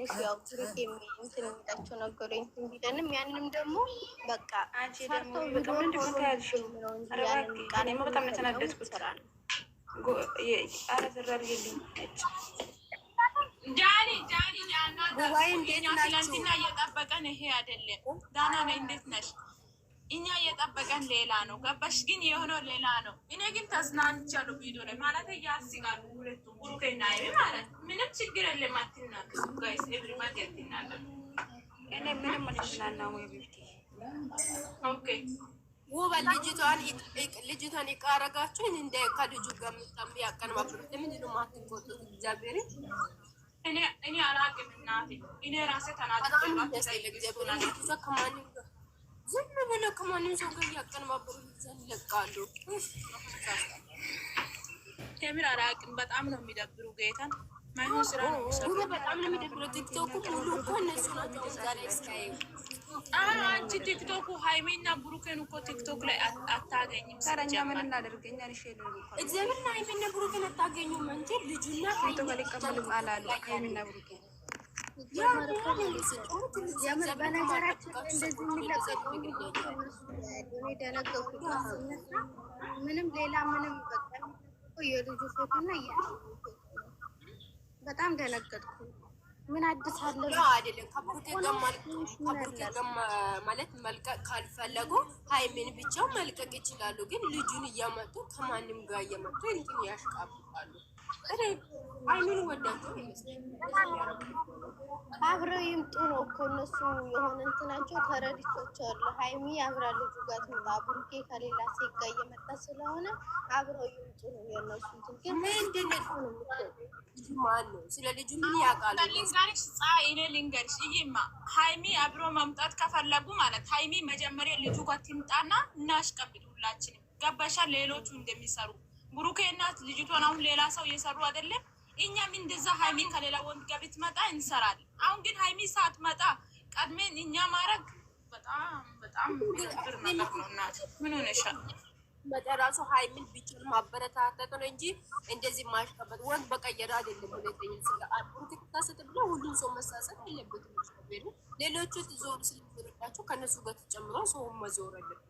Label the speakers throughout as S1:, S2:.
S1: ትንሽ ያው ትሪክ እንትን የሚላቸው ነገሮች እንትን ያንንም ደግሞ በቃ
S2: ጉባኤ እንዴት ናችሁ? እየጠበቀን ይሄ አይደለም። ዳና ነኝ። እንዴት ነሽ? እኛ እየጠበቀን ሌላ ነው። ገባሽ? ግን የሆነው ሌላ ነው። እኔ ግን ተዝናንቻለሁ። ቪዲዮ ላይ ማለት ያስቃሉ ሁለቱ ብሩኬና ይ ማለት ምንም ችግር የለም። አትናገሱ ጋይስ፣ እኔ ምንም
S3: ወይ ኦኬ ልጅቷን ልጅቷን ይቃረጋችሁ እንደ ከልጁ ጋር ምጣም ያቀርባችሁ ለምንድን ነው እግዚአብሔር
S2: እኔ እኔ አላቅም እናቴ እኔ ራሴ
S3: ዝም ብሎ ከማንም ሰው ጋር እያቀነባበሩ ይለቃሉ።
S2: ከምር አላቅም። በጣም ነው የሚደብሩ ጌታን ማይሆን ስራ ነው
S3: የሚሰሩ። በጣም ነው የሚደብሩ። ቲክቶክ ሁሉ እኮ እነሱ ናቸው።
S2: አንቺ ቲክቶክ ሃይሜና ብሩኬን እኮ ቲክቶክ ላይ አታገኝም።
S3: ምን እናደርገኛል? እግዚአብሔርና ሃይሜና ብሩኬን አታገኙም። አንቺ ልጁና
S4: ሃይሜና ብሩኬን
S3: በነገራችን እንደዚህ ደነገኩት። ምንም ሌላ ምንም የልጁ ፎቶ እና በጣም ደነገጥኩ። ምን አዲስ አለ?
S2: አይደለም ማለት መልቀቅ ካልፈለጉ ሀይሚን ብቻው መልቀቅ ይችላሉ። ግን ልጁን እያመጡ ከማንም ጋር እያመጡ እንትን ያሽቃብጣሉ። አይኑን ወዳቸው
S3: አብረው ይምጡ ነው እኮ እነሱ የሆነ እንትናቸው ተረድቶቻለሁ። ሀይሚ አብራ ልጁ ጋር ብሩኬ ከሌላ ሴት ጋር እየመጣ ስለሆነ አብረው ይምጡ ነው የነሱ
S2: ምንድን ነው ስለ ልጁ ምን ያውቃሉ? ልንገርሽ ልንገርሽ ሀይሚ አብሮ መምጣት ከፈለጉ ማለት ሀይሚ መጀመሪያ ልጁ ጋር ትምጣና ገባሻ ሌሎቹ እንደሚሰሩ ብሩኬ እናት ልጅቷን አሁን ሌላ ሰው እየሰሩ አይደለም። እኛም እንደዛ ሀይሚ ከሌላ ወንድ ጋር ብትመጣ እንሰራለን። አሁን ግን ሀይሚ ሳትመጣ ቀድሜን እኛ ማድረግ በጣም በጣም ነገር ነው። እናት ምን ሆነሻል? መጠራሱ ሀይሚን ቢችል ማበረታታት ነው እንጂ እንደዚህ ማሽቀበት ወንድ በቀየረ አይደለም። ሁለተኛ ስለ ብሩኬ ተሳሰተ ብሎ ሁሉም ሰው መሳሰብ የለበትም። ሌሎቹ ዞር ስለሚሆንባቸው ከእነሱ ጋር ተጨምረው ሰውን መዞር አለበት።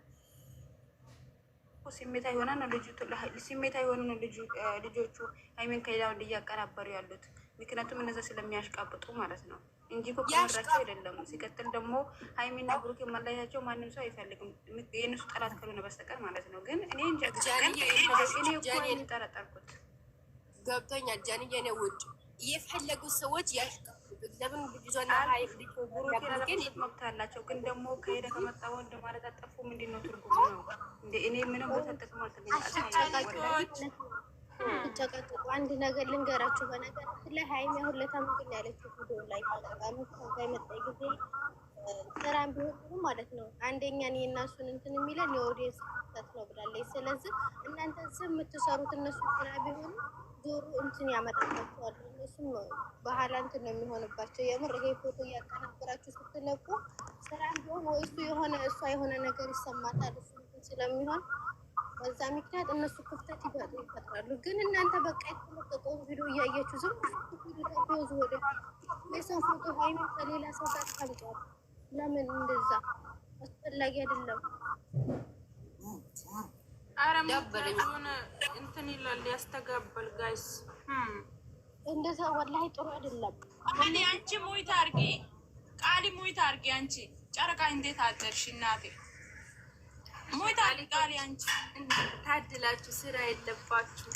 S2: ስሜታ የሆነ ነው ልጁ ስሜታ የሆኑ ነው ልጆቹ አይሜን ከሌላ ወንድ እያቀናበሩ ያሉት ምክንያቱም እነዛ ስለሚያሽቃብጡ ማለት ነው እንጂ እኮ ከመራቸው አይደለም። ሲቀጥል ደግሞ ሀይሚና ብሩክ መለያቸው ማንም ሰው አይፈልግም የእነሱ ጠላት ካልሆነ በስተቀር ማለት ነው። ግን እኔ እንጃ እኔ እኮ የሚጠረጠርኩት ገብቶኛል። ጃንዬ ነው ውድ የፈለጉት ሰዎች ያሽቃ ለምን መብት ግን ከሄደ ማለት አጠፉ ትርጉሙ? ነው እንደ እኔ አንድ ነገር ልንገራችሁ። በነገራችን ላይ ሀይሚ አሁን ለታ ያለችው ቪዲዮ ላይ መጣ ጊዜ ስራም ቢሆን ማለት ነው አንደኛን የእናሱን እንትን የሚለን የኦዲየንስ ነው ብላለች። ስለዚህ እናንተ የምትሰሩት እነሱ ስራ ቢሆኑ ጆሮ እንትን ያመጣባቸዋል። እነሱም በኋላ እንትን ነው የሚሆንባቸው። የምር ይሄ ፎቶ እያቀናበራችሁ ስትለቁ ስራ ቢሆን ወይ እሱ የሆነ እሷ የሆነ ነገር ይሰማታል። እሱ እንትን ስለሚሆን በዛ ምክንያት እነሱ ክፍተት ይፈጥራሉ። ግን እናንተ በቃ የተለቀቀውን ቪዲዮ እያያችሁ ዝም ዙ ወደ የሰው ፎቶ ሀይሚ ከሌላ ሰው ጋር ታምጧል። ለምን እንደዛ አስፈላጊ አይደለም። አረሆነ እንትን ይላል ጋይስ hmm. እንደዛ ወላሂ ጥሩ አይደለም። ቃሊ አንቺ ሙይት አርጊ፣ ቃሊ ሙይት አርጊ። አንቺ ጨረቃ እንዴት አደርሽ እናቴ? ሙይት አርጊ ቃሊ። አንቺ ታድላችሁ ስራ የለባችሁ።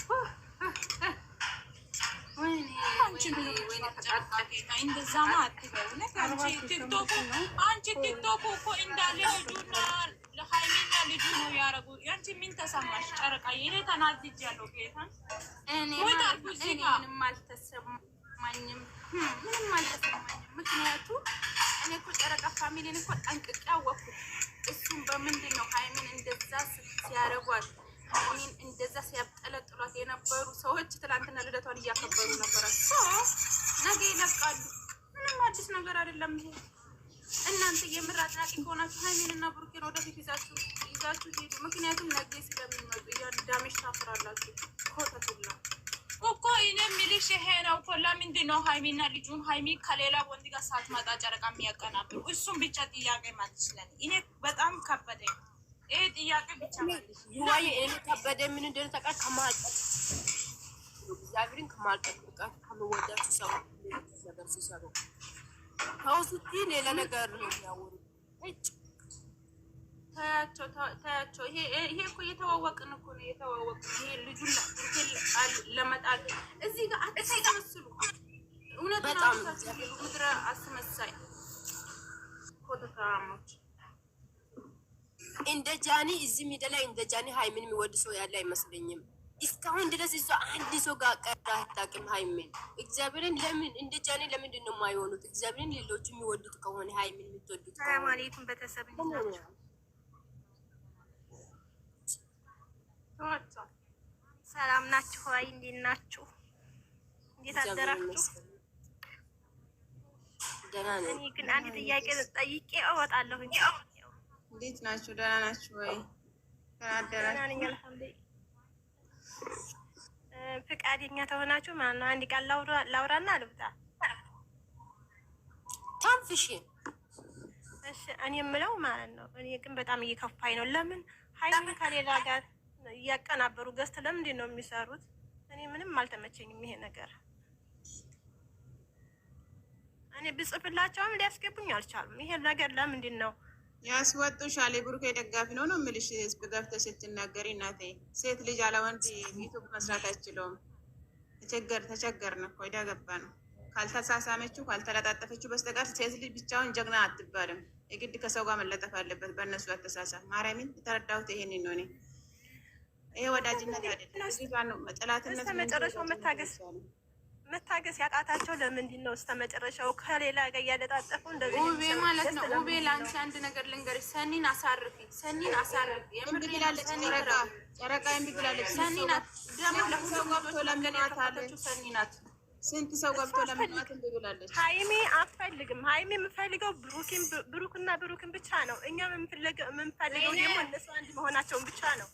S2: እንደዛማ አትበይ። አንቺ ቲክቶክ እኮ እንዳለ ሂዱና ለሀይሚ ልጁ ነው ያረጉ። ያንቺ ምን ተሰማሽ? ጨረቃ የኔ ተናዝጅ ያለው ጌታ እኔ ምንም አልተሰማኝም፣ ምንም አልተሰማኝም። ምክንያቱ እኔ እኮ ጨረቃ ፋሚሊን እኮ ጠንቅቄ አወቅኩ። እሱም በምንድን ነው ሀይሚን እንደዛ ሲያረጓት እኔን እንደዛ ሲያጠለጥሏት የነበሩ ሰዎች ትላንትና ልደቷን እያከበሩ ነበረ። ነገ ይለቃሉ። ምንም አዲስ ነገር አይደለም ይሄ እናንተ የምር አድናቂ ከሆናችሁ እና ብሩኬን ወደፊት ይዛችሁ ይዛችሁ ሄዱ። ምክንያቱም ነገ ስለሚመጡ እያዳሜሽ ታፍራላችሁ። ኮተቱላ እኮ እኔ የምልሽ ይሄ ነው እኮ። ለምንድን ነው ሀይሜና ልጁን ሀይሜ ከሌላ ወንድ ጋር ሳትመጣ ጨረቃ የሚያቀናብሩ? እሱም ብቻ ጥያቄ ማለት ይችላል። እኔ በጣም ከበደ። ይሄ ጥያቄ ብቻ ማለት ይዋይ እኔ ከበደ ምን እንደሆነ ታውቃለህ? ከማልቀቅ እግዚአብሔርን ከማልቀቅ ብቃት ከመወዳችሁ ሰው ነገር ሲሰሩ ተው ስትይ ሌላ ነገር ነው የሚያወሩት። ይሄ እኮ እየተዋወቅን እኮ ነው ይሄ ለመጣል እዚህ ጋር አትመስሉ። እውነት ምድረ አስመሳይ እንደ ጃኒ እዚህ ላይ እንደ ጃኒ የሚወድ ሰው ያለ አይመስለኝም። እስካሁን ድረስ እሷ አንድ ሰው ጋር ቀርዳ አታውቅም። ሀይሚን እግዚአብሔርን ለምን እንደ ጃኔ ለምንድን ነው የማይሆኑት? እግዚአብሔርን ሌሎቹ የሚወዱት ከሆነ ሀይሚን የምትወዱት ማለትም ቤተሰብ ሰላም ናችሁ? ሀይ እንዴት ናችሁ? እንዴት አደራችሁ? እኔ ግን አንድ ጥያቄ ጠይቄ እወጣለሁ። እንዴት ናችሁ? ደህና ናችሁ ወይ? ደህና አደራችሁ? ፍቃደኛ ተሆናችሁ ማለት ነው። አንድ ቃል ላውራና ልብጣ ታንፍሽ። እሺ እኔ የምለው ማለት ነው። እኔ ግን በጣም እየከፋኝ ነው። ለምን ሀይሚን ከሌላ ጋር እያቀናበሩ ገዝት ለምንድን ነው የሚሰሩት? እኔ ምንም አልተመቸኝም ይሄ ነገር። እኔ ብጽፍላቸውም ሊያስገቡኝ አልቻሉም። ይሄ ነገር ለምንድን ነው ያስወጡሻል። የብሩኬ ደጋፊ ነው ነው የምልሽ። ህዝብ ገብተሽ ስትናገሪ እናቴ፣ ሴት ልጅ አለ ወንድ ዩቱብ መስራት አይችለውም። ተቸገር ተቸገር ነው ኮይዳ ገባ ነው። ካልተሳሳመችው ካልተለጣጠፈችው በስተቀር ሴት ልጅ ብቻውን ጀግና አትባልም። የግድ ከሰው ጋር መለጠፍ አለበት። በእነሱ አተሳሳም ማርያምን የተረዳሁት ይሄን ነው እኔ። ይሄ ወዳጅነት አይደለም፣ ጥላትነት መጨረሻው መታገስ መታገስ ያቃታቸው ለምንድን ነው? እስከ መጨረሻው ከሌላ ጋር እያለጣጠፉ እንደዚህ ውቤ ማለት ነው። ውቤ ለአንቺ አንድ ነገር ልንገርሽ። ሰኒን አሳርፊ፣ ሰኒን አሳርፊ። እምቢ ብላለች። ጨረቃ ጨረቃ እምቢ ብላለች። ሰኒ ናት ደግሞ ለሁሉም ገብቶ ለምናታለች። ሰኒ ናት። ስንት ሰው ገብቶ ለምናት እምቢ ብላለች። ሀይሜ አትፈልግም። ሀይሜ የምፈልገው ብሩክን ብሩክና ብሩክን ብቻ ነው። እኛም የምንፈልገው ደግሞ እነሱ አንድ መሆናቸውን ብቻ ነው።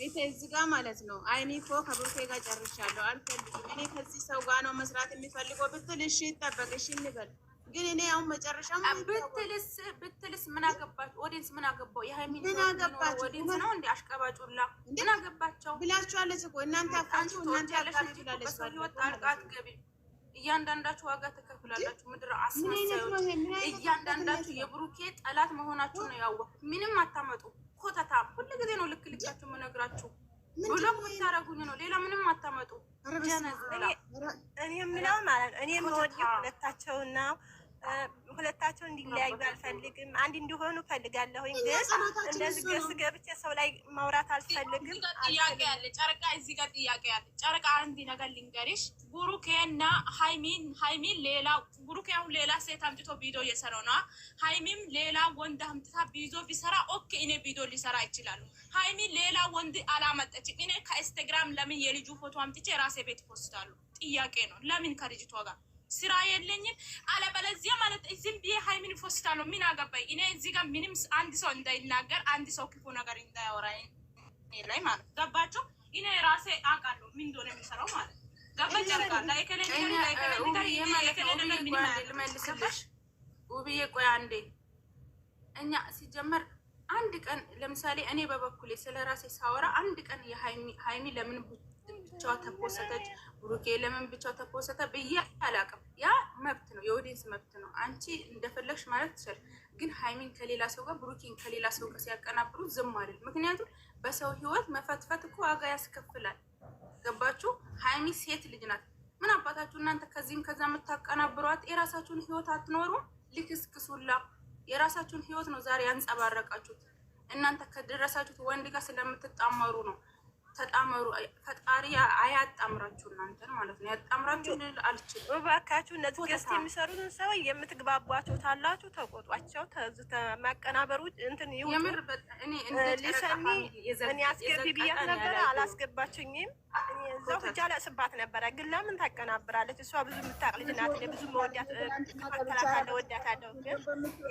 S2: ቤቴ እዚህ ጋር ማለት ነው። አይኔ እኮ ከብሩኬ ጋር ጨርሻለሁ፣ አልፈልግም። እኔ ከዚህ ሰው ጋር ነው መስራት የሚፈልገው ብትል እሺ ይጠበቅ፣ እሺ እንበል። ግን እኔ አሁን መጨረሻ ብትልስ ብትልስ ምን አገባች? ኦዲንስ ምን አገባው? የሃይሚን ምን አገባች? ኦዲንስ ነው እንዴ አሽቀባጩላ ምን አገባቸው ብላችኋለች እኮ እናንተ አፋችሁ እናንተ ያለሽ ትላለች። ወጣ አልቃት ገቢ እያንዳንዳችሁ ዋጋ ተከፍላላችሁ። ምድር አስመሳዮች፣ እያንዳንዳችሁ የብሩኬ ጠላት መሆናችሁ ነው ያወቅሁት። ምንም አታመጡ ኮተታ። ጊዜ ነው ልክ ልካችሁ የምነግራችሁ። ብሎክ ብታረጉኝ ነው ሌላ ምንም አታመጡ። እኔ ምለው ማለት እኔ የምወድ ሁለታቸውና ሁለታቸው እንዲለያዩ አልፈልግም። አንድ እንዲሆኑ ፈልጋለሁኝ፣ ግን እንደዚህ ገስ ገብቼ ሰው ላይ ማውራት አልፈልግም። ጥያቄ ያለ ጨረቃ፣ እዚህ ጋር ጥያቄ ያለ ጨረቃ፣ አንድ ነገር ልንገሪሽ። ቡሩኬና ሀይሚን ሀይሚን ሌላ ቡሩኬ አሁን ሌላ ሴት አምጥቶ ቪዲዮ እየሰራው ነው። ሀይሚም ሌላ ወንድ አምጥታ ቪዲዮ ቢሰራ ኦኬ፣ እኔ ቪዲዮ ሊሰራ ይችላሉ። ሀይሚን ሌላ ወንድ አላመጠች። እኔ ከኢንስታግራም ለምን የልጁ ፎቶ አምጥቼ ራሴ ቤት ፖስታሉ? ጥያቄ ነው። ለምን ከልጅቷ ጋር ስራ የለኝም። አለበለዚያ ማለት እዚህም ብዬ ፎስታ ነው ምን አገባኝ እኔ እዚህ ጋር ምንም አንድ ሰው እንዳይናገር፣ አንድ ሰው ክፉ ነገር እንዳያወራ ላይ ማለት ገባቸው። እኔ ራሴ አውቃለሁ ምን እንደሆነ የሚሰራው ማለት ውብዬ፣ ቆይ አንዴ። እኛ ሲጀመር አንድ ቀን ለምሳሌ እኔ በበኩሌ ስለ ራሴ ሳወራ አንድ ቀን የሀይሚ ለምን ብቻዋ ተኮሰተች፣ ብሩኬ ለምን ብቻው ተፖሰተ ብዬ አላቅም። ያ መብት ነው፣ የኦዲንስ መብት ነው። አንቺ እንደፈለግሽ ማለት ትችል። ግን ሃይሚን ከሌላ ሰው ጋር ብሩኬን ከሌላ ሰው ጋር ሲያቀናብሩ ዝም አልል። ምክንያቱም በሰው ህይወት መፈትፈት እኮ ዋጋ ያስከፍላል። ገባችሁ? ሃይሚ ሴት ልጅ ናት። ምን አባታችሁ እናንተ ከዚህም ከዛ የምታቀናብሯት የራሳችሁን ህይወት አትኖሩም? ልክስክሱላ የራሳችሁን ህይወት ነው ዛሬ ያንጸባረቃችሁት። እናንተ ከደረሳችሁት ወንድ ጋር ስለምትጣመሩ ነው። ተጣመሩ። ፈጣሪ አያጣምራችሁ እናንተን ማለት ነው። ያጣምራችሁ ልል አልችልም። እባካችሁ እነዚህ ገስት የሚሰሩትን ሰው የምትግባቧቸው ታላችሁ ተቆጧቸው። ተማቀናበሩ እንትን ይሁንምር ሊሰኒ እኔ አስገቢ ብያት ነበረ፣ አላስገባችኝም። እኔ እዛው እጃ ለስባት ነበረ። ግን ለምን ታቀናብራለች? እሷ ብዙ የምታቅ ልጅ ናት። ብዙ መወዳት ተከተላካለ ወዳት አለው። ግን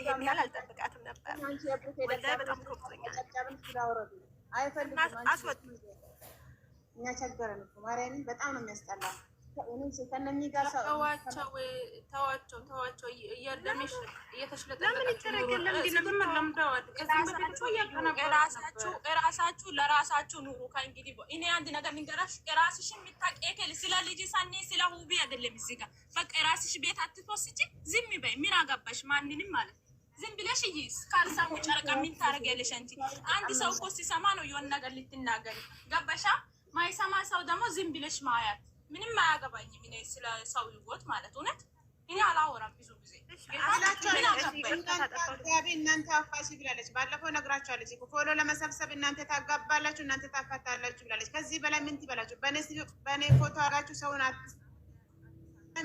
S2: ይሄን ያህል አልጠብቃትም ነበር። ወላሂ በጣም ተቆጥኛል። አይፈልግም አስወጥ እኛ ቸገረን እኮ ማርያምን በጣም ነው የሚያስጠላ። ተዋቸው ራሳችሁ ለራሳችሁ ኑሩ። ከእንግዲህ እኔ አንድ ነገር ልንገራሽ፣ ራስሽ የምታቀቅል ስለ ልጅ ሳኔ ስለ ሁቢ አይደለም። እዚህ ጋር በቃ ራስሽ ቤት አትፎስጭ፣ ዝም በይ። ምን አጋባሽ ማንንም ማለት ዝም ብለሽ እይ ካልሳሙ ጨረቃ ምን ታደርጊያለሽ አንቺ? አንድ ሰው እኮ ሲሰማ ነው የሆነ ነገር ልትናገሪ ገባሻ ማይሰማ ሰው ደግሞ ዝም ብለሽ ማያት ምንም አያገባኝም። እኔ ስለ ሰው ህይወት ማለት እውነት እኔ አላወራም ብዙ ጊዜ እናንተ አፋሽ ብላለች። ባለፈው ነግራችኋለች። ፎሎ ለመሰብሰብ እናንተ ታጋባላችሁ፣ እናንተ ታፋታላችሁ ብላለች። ከዚህ በላይ ምን ትበላችሁ? በእኔ ፎቶ አላችሁ ሰውን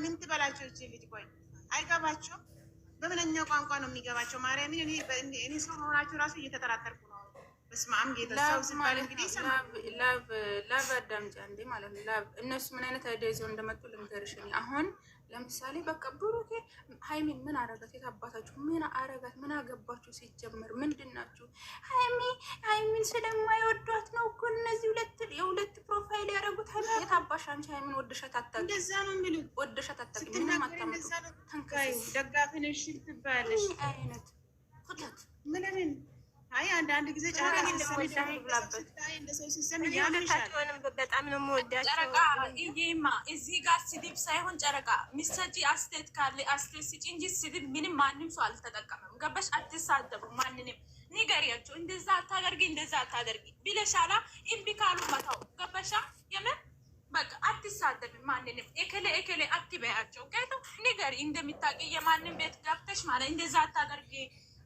S2: ምን ትበላችሁ? እች ልጅ ቆይ አይገባቸው። በምንኛው ቋንቋ ነው የሚገባቸው? ማርያምን እኔ ሰው መሆናችሁ ራሱ እየተጠራጠርኩ ነው። በስማም ጌታቸው ሲባል እንግዲህ ላቭ ላቭ አዳምጪ አንዴ ማለት ነው። ላቭ እነሱ ምን አይነት አይዲያ ይዘው እንደመጡ ልንገርሽ። አሁን ለምሳሌ በቃ ብሩኬ ሃይሚን ምን አረጋት? የታባታችሁ ምን አረጋት? ምን አገባችሁ? ሲጀመር ምንድናችሁ? ሃይሚ ሃይሚን ስለማይወዷት ነው እኮ እነዚህ ሁለት የሁለት ፕሮፋይል ያደረጉት። ሃይሚ የታባሽ አንቺ ሃይሚን ወደሻት አታውቂም። እንደዛ ነው የሚሉት። ወደሻት አታውቂም። ምንም አታመጡ። ተንከስ ደጋፊ ነሽ ትባለሽ አይነት ሁለት ምንም አይ አንዳንድ ጊዜ ጨረቃ በጣም ነው የምወዳቸው። እዚህ ጋር ስድብ ሳይሆን ጨረቃ ሚሰጪ አስተያየት ካለ አስተያየት ስጪ እንጂ ስድብ ምንም ማንም ሰው አልተጠቀመም። ገባሽ? አትሳደቡ። ማንንም ንገሪያቸው፣ እንደዛ አታደርጊ፣ እንደዛ አታደርጊ ብለሻላ እምቢ ካሉ መታው። ገባሻ? የምን በቃ አትሳደብ። ማንንም እከሌ እከሌ አትበያቸው። ገቱ ንገሪ እንደሚታቂ የማንም ቤት ገብተሽ ማለት እንደዛ አታደርጊ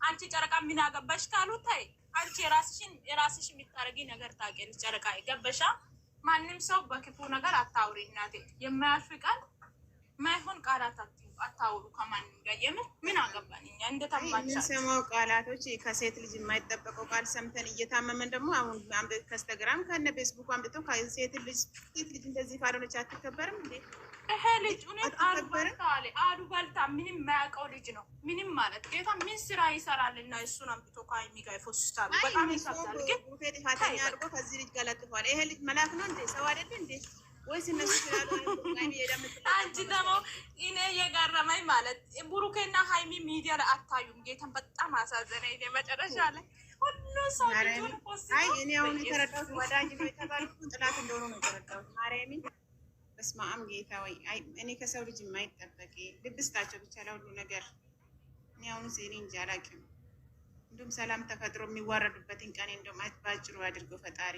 S2: አንቺ ጨረቃ ምን አገባሽ ካሉ ታይ አንቺ የራስሽን የራስሽ የምታረጊ ነገር ታውቂያለሽ። ጨረቃ ይገበሻ ማንም ሰው በክፉ ነገር አታውሪ እናቴ። የማያልፍ ቃል ማይሆን ቃላት አታውሩ ከማንም ጋር። የምር ምን አገባን እኛ እንደተባሰማው ቃላቶች ከሴት ልጅ የማይጠበቀው ቃል ሰምተን እየታመመን ደግሞ አሁን ከስተግራም ከነ ፌስቡክ አምጥተው ከሴት ልጅ ሴት ልጅ እንደዚህ ካልሆነች አትከበርም እንዴ? ይሄ ልጅ እውነት አሉባልታ ምንም የማያውቀው ልጅ ነው። ምንም ማለት ጌታ ምን ስራ ይሰራል? እና እሱን አምጥቶ ከሀይሚ ጋር ይፎስታሉ። በጣም ይሳብታል። ግን ከዚህ ልጅ ጋር ለጥፏል። ይሄ ልጅ መልአክ ነው እንዴ? ሰው አይደለ እንዴ? አንቺ ደግሞ እኔ የገረመኝ ማለት ብሩኬና ሀይሚ ሚዲያ ላይ አታዩም። ጌታን በጣም አሳዘነ። እኔ መጨረሻ ላይ ሁሉ ሰው ልጅ ፖስት ነው። እኔ አሁን የተረዳሁት ወዳጅ ነው የተባልኩትን ጥላት እንደሆነ ነው የተረዳሁት ማርያምን በስመ አብ ጌታ ወይ እኔ ከሰው ልጅ የማይጠበቅ ልብስታቸው ብቻ ለሁሉ ነገር እኔ አሁን ዜኔ እንጂ አላውቅም። እንዲሁም ሰላም ተፈጥሮ የሚዋረዱበትን ቀን እንደውም በአጭሩ አድርገው ፈጣሪ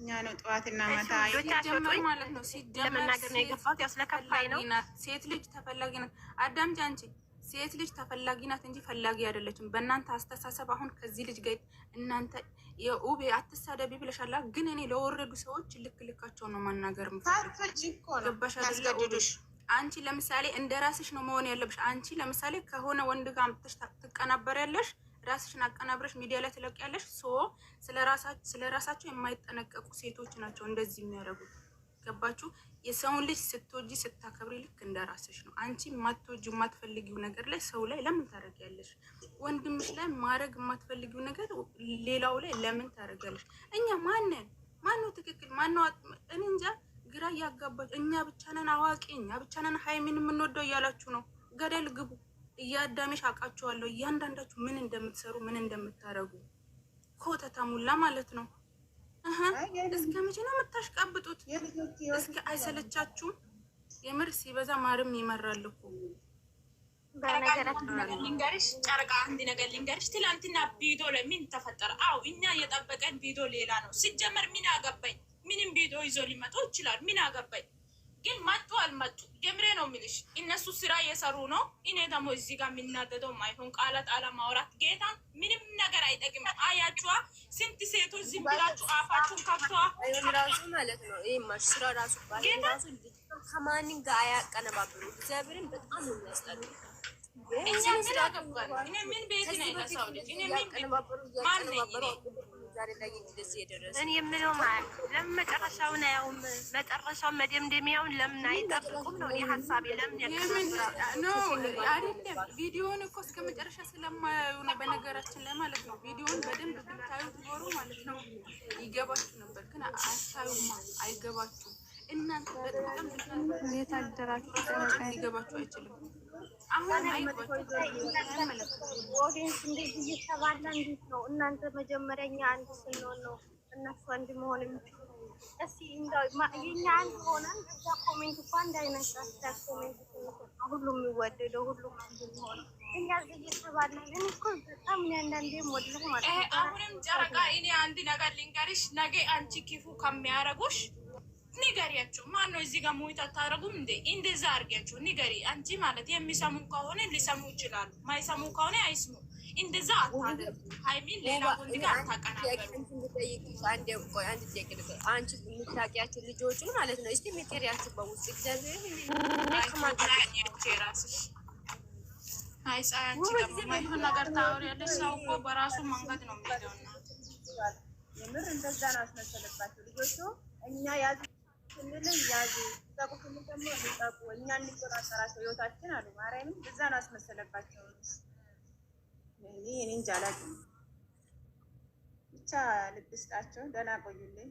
S2: እኛ ነው ጠዋትና ማታ ማለት ነው ሴት ልጅ ተፈላጊ ናት። አዳምጪ አንቺ ሴት ልጅ ተፈላጊ ናት እንጂ ፈላጊ አይደለችም። በእናንተ አስተሳሰብ አሁን ከዚህ ልጅ ጋር እናንተ የኡቤ አትሳደቢ ብለሻላ፣ ግን እኔ ለወረዱ ሰዎች ልክ ልካቸው ነው ማናገር ገባሽ አንቺ ለምሳሌ እንደ ራስሽ ነው መሆን ያለብሽ። አንቺ ለምሳሌ ከሆነ ወንድ ጋር ትቀናበር ያለሽ ራስሽን አቀናብረሽ ሚዲያ ላይ ትለቂያለሽ። ሶ ስለ ራሳቸው የማይጠነቀቁ ሴቶች ናቸው እንደዚህ የሚያደርጉት። ገባችሁ? የሰውን ልጅ ስትወጂ ስታከብሪ ልክ እንደ ራስሽ ነው። አንቺ የማትወጂ የማትፈልጊው ነገር ላይ ሰው ላይ ለምን ታደርጊያለሽ? ወንድምሽ ላይ ማድረግ የማትፈልጊው ነገር ሌላው ላይ ለምን ታደርጊያለሽ? እኛ ማንን ማነው ትክክል ማነው? እኔ እንጃ ግራ እያጋባች እኛ ብቻ ነን አዋቂ፣ እኛ ብቻ ነን ሀይሚን የምንወደው እያላችሁ ነው። ገደል ግቡ። እያዳሜሽ አውቃችኋለሁ፣ እያንዳንዳችሁ ምን እንደምትሰሩ ምን እንደምታደርጉ ኮተታሙላ ማለት ነው። እስከ መቼ ነው የምታሽቃብጡት? እስከ አይሰለቻችሁም? የምር ሲበዛ ማርም ይመራል እኮ። ልንገርሽ ጨርቃ አንድ ነገር ልንገርሽ። ትላንትና ቢዶ ለምን ተፈጠረ? አው እኛ የጠበቀን ቢዶ ሌላ ነው። ሲጀመር ምን አገባኝ? ምንም ቢዶ ይዞ ሊመጡ ይችላል። ምን አገባኝ? ግን መጡ አልመጡ ጀምሬ ነው የሚልሽ። እነሱ ስራ እየሰሩ ነው። እኔ ደግሞ እዚህ ጋር የሚናደደው ማይሆን ቃላት አለማውራት ጌታ ምንም ነገር አይጠቅም። አያችዋ ስንት ሴቶች ዝም ብላችሁ አፋችሁን ከፍተዋ ራሱ ማለት ነው። ይህ ማሽ ስራ ራሱ ባራሱ ከማንም ጋር አያቀነባብሩ። እግዚአብሔርን በጣም የሚያስጠሉ። እኛ ምን አገባን? እኔ ምን ቤት ነው ያሳውልጅ? እኔ ምን ማን ነኝ? እኔ የምለው ማለት ለምን መጨረሻውን አያውም? መጨረሻውን መደምደሚያውን ለምን አይጠብቁም ነው እኔ ሀሳቤ። ለምን አይደለም ቪዲዮን እኮ እስከ መጨረሻ ስለማያዩ ነው። በነገራችን ላይ ማለት ነው ቪዲዮን በደንብ ብታዩት ኖሮ ማለት ነው ይገባችሁ ነበር፣ ግን አታዩማ፣ አይገባችሁም እናንተ አይችልም። አሁን ኦዲየንስ እንዴት እየተባለ እንዴት መጀመሪያኛ አንድ ስንሆን ነው እነሱ አንድ መሆን የሚችሉ። እስኪ እንደው የኛ አንድ ሆነን እዛ ኮሜንት እኳ እንዳይነሳ ኮሜንት ሁሉም የሚወደደው ሁሉም አንድ የሚሆነው አሁንም ጨረቃ እኔ አንድ ነገር ልንገርሽ፣ ነገ አንቺ ክፉ ከሚያረጉሽ ንገሪያቸው። ማን ነው እዚህ ጋር ሙይት አታደርጉም እንዴ? እንደዛ አርጊያቸው፣ ንገሪ። አንቺ ማለት የሚሰሙ ከሆነ ሊሰሙ ይችላሉ፣ ማይሰሙ ከሆነ አይስሙ። እንደዛ አታደርጉ። ሀይሚን ሌላ ወንድ ጋር አንቺ የምታውቂያቸው ማለት ነው። እስቲ ምክሪያቸው በውስጥ እግዚአብሔር እኛ ያዝ ስንልኝ ያዙ ደግሞ እኛ እንቆጣጠራቸው ህይወታችን አሉ። ማርያምን እዛ ነው አስመሰለባቸው። እኔ እንጃ አላውቅም። ብቻ ደህና ቆዩልኝ።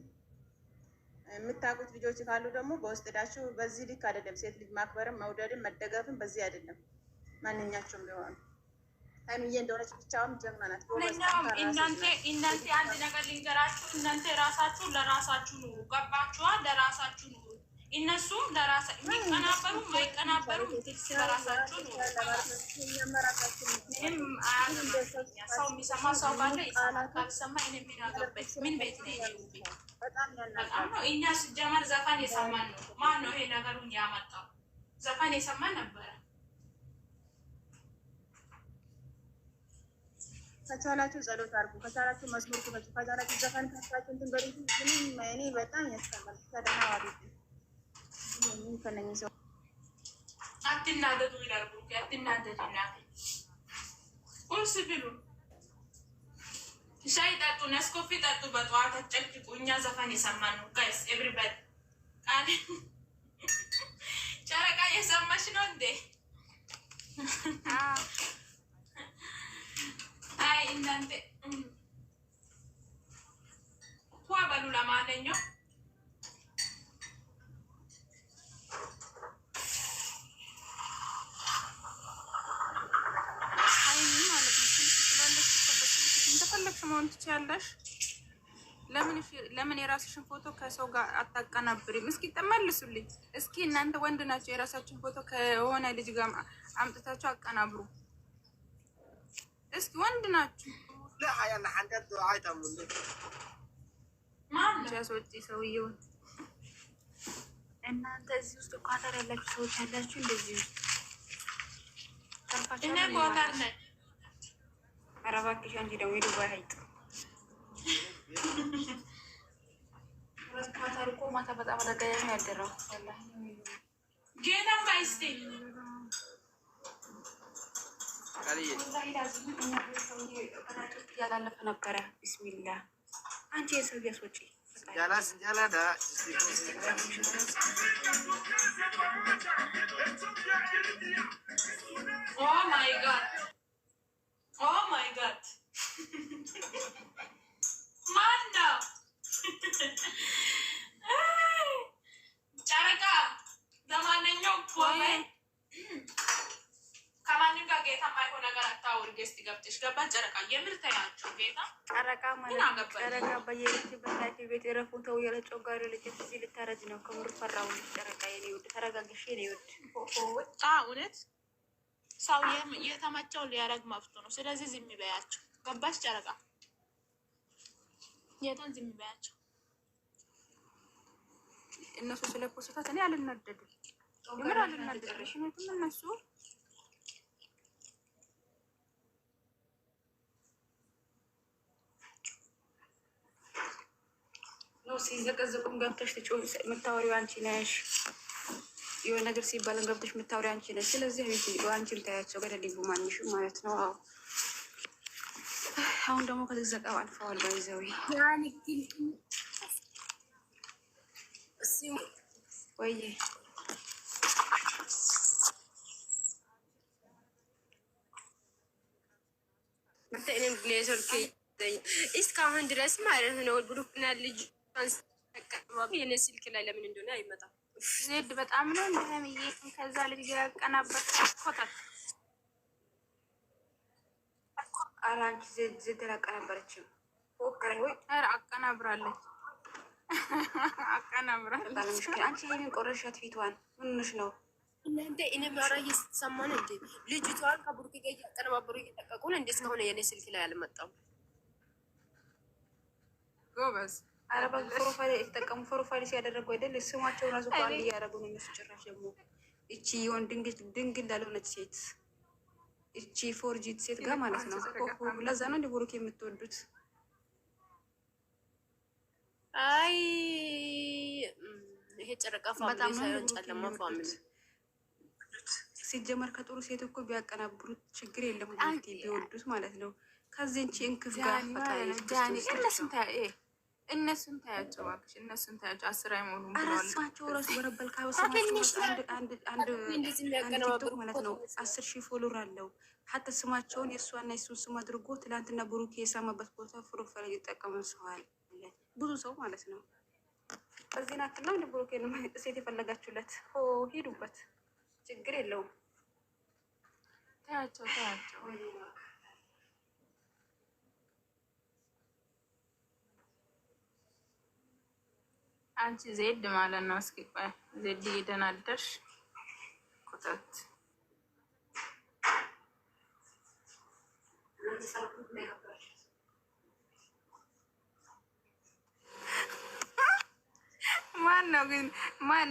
S2: የምታውቁት ልጆች ካሉ ደግሞ በዚህ ልክ አይደለም። ሴት ልጅ ማክበርም መውደድም መደገፍም በዚህ አይደለም። ማንኛቸውም ቢሆኑ ሀይሚዬ እንደሆነች ብቻውን ጀግና ናት። እናንተ እናንተ አንድ ነገር ልንገራችሁ፣ እናንተ ራሳችሁ ለራሳችሁ ነው። ገባችኋ? ለራሳችሁ ነው። እነሱም ለራሳ የሚቀናበሩም አይቀናበሩም ለራሳችሁ ነው። ምንም አያገባኝ። ሰው የሚሰማ ሰው ካለ ካልሰማ እኔ ምን አገባኝ? ምን ቤት ነው ይሁብኝ? በጣም ነው እኛ ስጀመር ዘፈን የሰማን ነው። ማን ነው ይሄ ነገሩን ያመጣው? ዘፈን የሰማን ነበረ ከቻላችሁ ጸሎት አድርጉ፣ ከቻላችሁ መዝሙር ክፈቱ፣ ከቻላችሁ ዘፈን ከፍታችሁ እንትን በሉ። ምንም እኔ በጣም ያስጠላል። ከደህና ዋሉ ምን ከነኝ ሰው አትናደዱ ይላል። አትናደዱ ናት። ቁርስ ብሉ፣ ሻይ ጠጡ፣ ነስኮፊ ጠጡ፣ በጠዋት አጨቅጭቁ። እኛ ዘፈን የሰማን ነው። ጋይስ ኤቭሪባዲ ቃል ጨረቃ የሰማሽ ነው እንዴ? አይ እናንተ ኳ በሉ። ለማንኛውም መሆን ትችያለሽ። ለምን የራስሽን ፎቶ ከሰው ጋር አታቀናብሪም? እስኪ ተመልሱልኝ። እስኪ እናንተ ወንድ ናቸው የራሳችን ፎቶ ከሆነ ልጅ ጋር አምጥታችሁ አቀናብሩ። እስኪ ወንድ ናችሁ ሲያስወጪ ሰውየውን እናንተ እዚህ ውስጥ ኳተር ያላችሁ ሰዎች ያላችሁ እንደዚህ ኧረ እባክሽ አንቺ ደግሞ የዱባይ ሀይቅ ኳታር እኮ ማታ በጣም አደጋ ያደረው እያላለፈ ነበረ። ቢስሚላ አንቺ የሰው ያስወጪ ጨረቃ ለማንኛውም ጌታ ማይሆን ነገር አታውሪ። ጌስት ገብተሽ ገባሽ። ጨረቃ የምር ተያቸው ጌታ ጨረቃ ማለት ጨረቃ በየሄድሽበት ላይፍ ቤት እረፉ። ተው ጋር ልጅ እዚህ ልታረጅ ነው። ከምር ፈራው። ጨረቃ የኔ ውድ ተረጋግሽ። የኔ ውድ ወጣ እውነት ሰው የተመቸውን ሊያረግ መብቱ ነው። ስለዚህ ዝም በያቸው ገባሽ። ጨረቃ የታን ዝም በያቸው። እነሱ ስለ ፖስታት እኔ አልናደድም፣ የምር አልናደድም። ምክንያቱም እነሱ ኑ ሲዘቀዝቁም ገብተሽ የምታወሪው አንቺ ነሽ። የሆነ ነገር ሲባለን ገብተሽ የምታወሪው አንቺ ነሽ። ስለዚህ አንቺም ታያቸው ገደል ይቡ ማንሽም ማለት ነው። አዎ አሁን ደግሞ ከዘቀው አልፈዋል። ባይዘዊ ወይ እስካሁን ድረስ ማለት ነው ግሩፕና ልጅ የኔ ስልክ ላይ ለምን እንደሆነ አይመጣም። ዜድ በጣም ነው እንደምዬ ከዛ ልጅ ያቀናበት ኮታት አራንቺ ዜድ ዜድ አቀናበረችም አቀናብራለች አቀናብራለች። አንቺ ይሄንን ቆረሻት ፊቷን ምንሽ ነው እናንተ እኔ ማራ እየሰማን እንዴ ልጅቷን ከቡርክ ጋር እያቀነባበሩ እየጠቀቁን እንዴ እስከሆነ የኔ ስልክ ላይ አልመጣም ጎበዝ አረባ ፕሮፋይል የተጠቀሙ ፕሮፋይል ሲያደረጉ አይደል? ስማቸው ራሱ ባል እያደረጉ ነው። እነሱ ጭራሽ ደግሞ እቺ የሆን ድንግል ላለሆነች ሴት እቺ ፎርጂት ሴት ጋር ማለት ነው። ለዛ ነው ብሩክ የምትወዱት። አይ ይሄ ጨረቃ ፋሚሊ ጨለማ ፋሚሊ ሲጀመር ከጥሩ ሴት እኮ ቢያቀናብሩት ችግር የለም ቢወዱት ማለት ነው። ከዚህ እንቺ እንክፍ ጋር እነሱን ታያቸው እባክሽ፣ እነሱን ታያቸው። አስር አይሞሉም እራሳቸው ራሱ በረበል ማለት ነው አስር ሺህ ፎሎር አለው። ሀተ ስማቸውን የእሷና የሱን ስም አድርጎ ትላንትና ብሩኬ የሰማበት ቦታ ፕሮፋይል ይጠቀሙ ሰዋል። ብዙ ሰው ማለት ነው በዚህ ናክል ነው እንደ ብሩክ ሴት የፈለጋችሁለት ሂዱበት፣ ችግር የለውም። ታያቸው ታያቸው አንቺ ዜድ ማለት ነው። እስኪ ቆይ ዜድ እየደናደርሽ ማን ነው ግን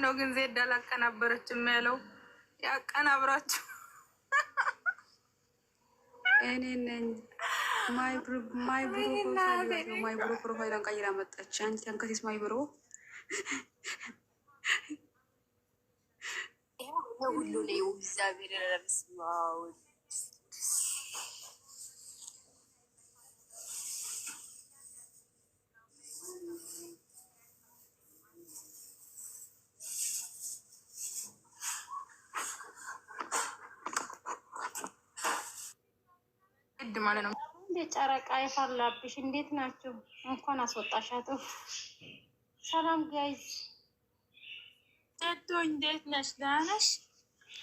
S2: ነው ግን ዜድ አላቀናበረችም ያለው? ያቀናብራችሁ እኔ ነኝ። ማይ ብሩ ማይ ብሩ ፕሮፋይል ማይ ብሩ ፕሮፋይል አንቀይራ መጣች። አንቺ ተንከሲስ ማይ ብሩ ሁሉ ላይ እግዚአብሔር ረብስማው ማለት ነው። እንዴት ጨረቃ የፈላብሽ እንዴት ናቸው? እንኳን አስወጣሻት። ሰላም ጋይዝ ሴቶ እንዴት ነሽ? ደህና ነሽ?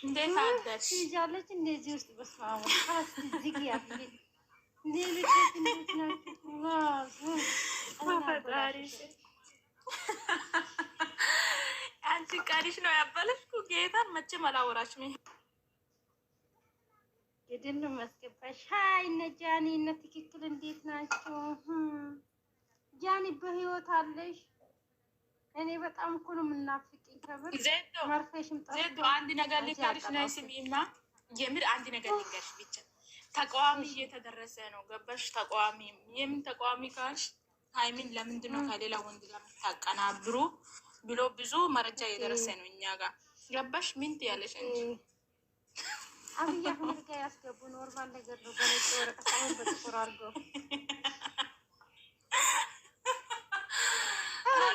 S2: እንዴት አደርሽ? ትይዣለች እንደዚህ ውስጥ በስመ አብ አንቺ ቀሪሽ ነው ያበለሽ። ጌታን መቼም አላወራሽም። የድል መስገባሽ ሀይ እነ ጃኒ እነ ትክክል እንዴት ናቸው? ጃኒ በህይወት አለሽ? እኔ በጣም እኮ ነው የምናፍቅኝ። ከብር ዜዶ አንድ ነገር ልንገርሽ ነው ስሚማ፣ የምር አንድ ነገር ልንገርሽ ብቻ ተቃዋሚ እየተደረሰ ነው ገበሽ? ተቃዋሚ የምን ተቃዋሚ ካልሽ ሃይሚን ለምንድን ነው ከሌላ ወንድ ጋር የምታቀናብሩ ብሎ ብዙ መረጃ እየደረሰ ነው እኛ ጋር ገበሽ? ምን ትያለሽ እንጂ አብይ አህመድ ጋር ያስገቡ ኖርማል ነገር ነው። በነጭ ወረቀት ሳይሆን በጥቁር አድርገው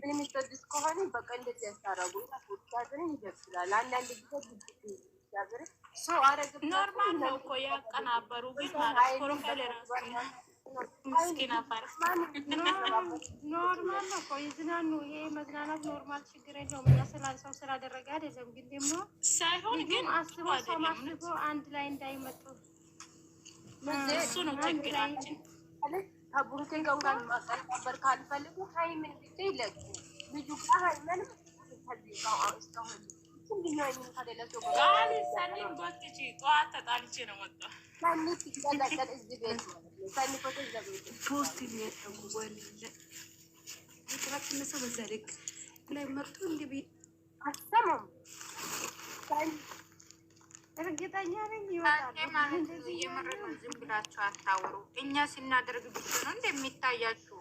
S2: ምንም ይሰድስ ከሆነ ኖርማል ነው እኮ ይዝናኑ። ይሄ መዝናናት ኖርማል ችግር የለውም። እና ስላል ስላደረገ አይደለም ግን ደግሞ ሳይሆን ግን አስቦ ሰማስቦ አንድ ላይ እንዳይመጡ እሱ ነው ችግራችን። ከብሩኬን ጋር እንኳን ማሳበር ካልፈልጉ ሀይምን ብቻ ይለቁ። ልጁ ጋር ሀይመንም ፖስት እርግጠኛ ነኝ ይወጣል ማለት ነው። የምር ዝም ብላችሁ አታውሩ። እኛ ስናደርግ ብቻ ነው እንደሚታያችሁ።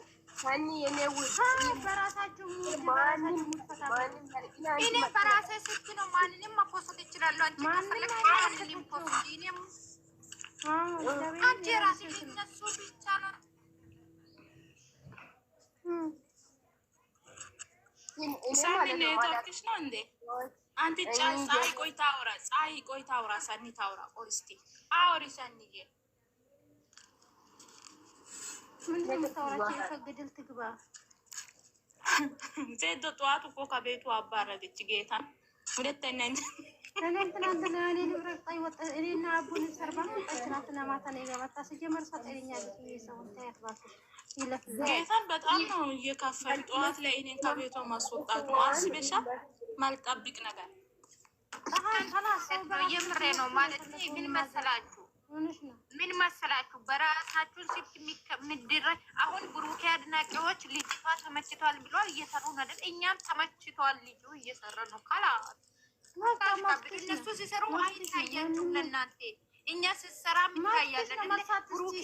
S2: እኔ በራሴ ስልክ ነው ማንንም መኮሰት እችላለሁ። አንቺ የራስሽ እነሱ ብቻ ነው ሳሚ ነው የታክሽ ነው እንዴ? አንተ ፀሐይ ቆይታ አውራ፣ ፀሐይ ቆይታ አውራ፣ ሰኒ ታውራ። ቆይ እስኪ አውሪ ሰኒዬ፣ ምንድን ነው ጠዋት እኮ ከቤቱ አባረገች ጌታን። ሁለተኛ እኔም ትናንትና እኔ ወጣ እኔና አቡን ሰርባ ወጣች። ትናንትና ማታ ነው የገባታ። ሲጀመር ሰጠኛለች ሰውን ጌታን በጣም ነው እየከፈል ጠዋት ላይ እኔን ከቤቷ ማስወጣት ማልጠብቅ ነገር የምሬ ነው ማለት ምን መሰላችሁ ምን መሰላችሁ በራሳችሁን ስልክ ምድር አሁን ብሩኬ አድናቂዎች ልጅቷ ተመችቷል ብሏል። እየሰሩ ነው አይደል እኛም ተመችቷል። ልጁ እየሰራ ነው። ካላት እነሱ ሲሰሩ አይታያችሁም ለእናንተ እኛ ስሰራ ምታያለን ብሩኬ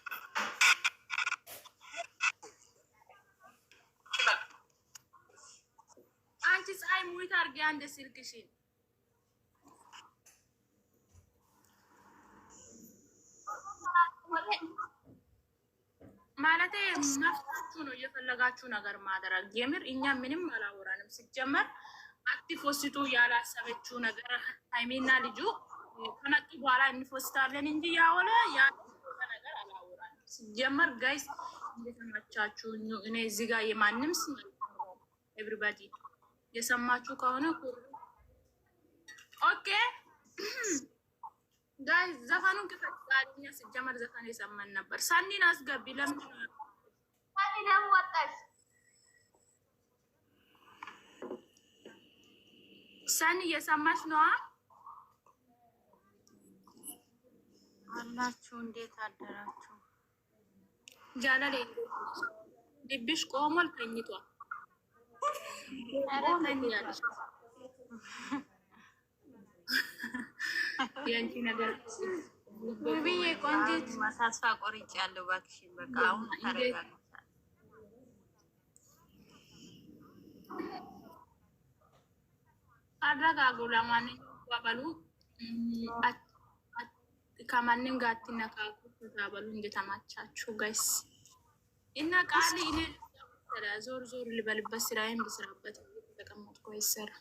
S2: አድርጌ አንድ ስልክሽን ማለት መፍታችሁ ነው እየፈለጋችሁ ነገር ማድረግ። የምር እኛ ምንም አላወራንም። ሲጀመር አትፎስቱ ያላሰበችው ነገር ሃይሜና ልጁ ከመጡ በኋላ እንፎስታለን እንጂ ያሆነ ያ ነገር አላወራንም። ሲጀመር ጋይስ እንደተመቻችሁ እኔ እዚህ ጋር የማንም ስ ኤብሪባዲ የሰማችሁ ከሆነ ኦኬ ጋይ ዘፈኑን ክፈት። ዛሬኛ ስጀመር ዘፈን የሰማን ነበር። ሳኒን አስገቢ። ለምን ሳኒ ለምን ወጣሽ? ሳኒ እየሰማሽ ነዋ። አላችሁ እንዴት አደራችሁ? ጃለሌ ልብሽ ቆሞል ተኝቷል። የአንቺ ነገር ውብዬ ቆንጆ ተስፋ ቆርጬ ያለው እባክሽን፣ በቃ አሁን አረጋጉ። ለማንኛውም ከማንም ጋር አትነካኩ። እንደተማቻችሁ ጋይስ እና ቃል ዞር ዞር ልበልበት ስራዬን ብስራበት ተቀመጥኩ ይሰራ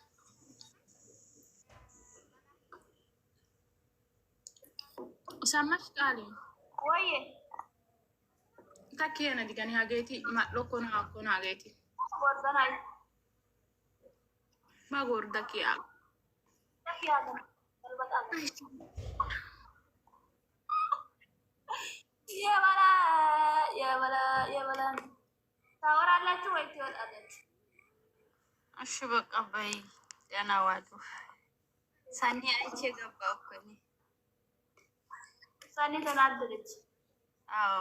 S2: ሰማሽ ቃል ወይ takkeena digani hageeti madho kono hakkono hageeti ma gorda kiya yebala yebala yebala ታወራላችሁ ወይ ትወጣላችሁ? እሺ በቃ በይ ደህና ዋሉ። ሳኒ አይቼ ገባሁ እኮ ሳኒ ተናደደች። አዎ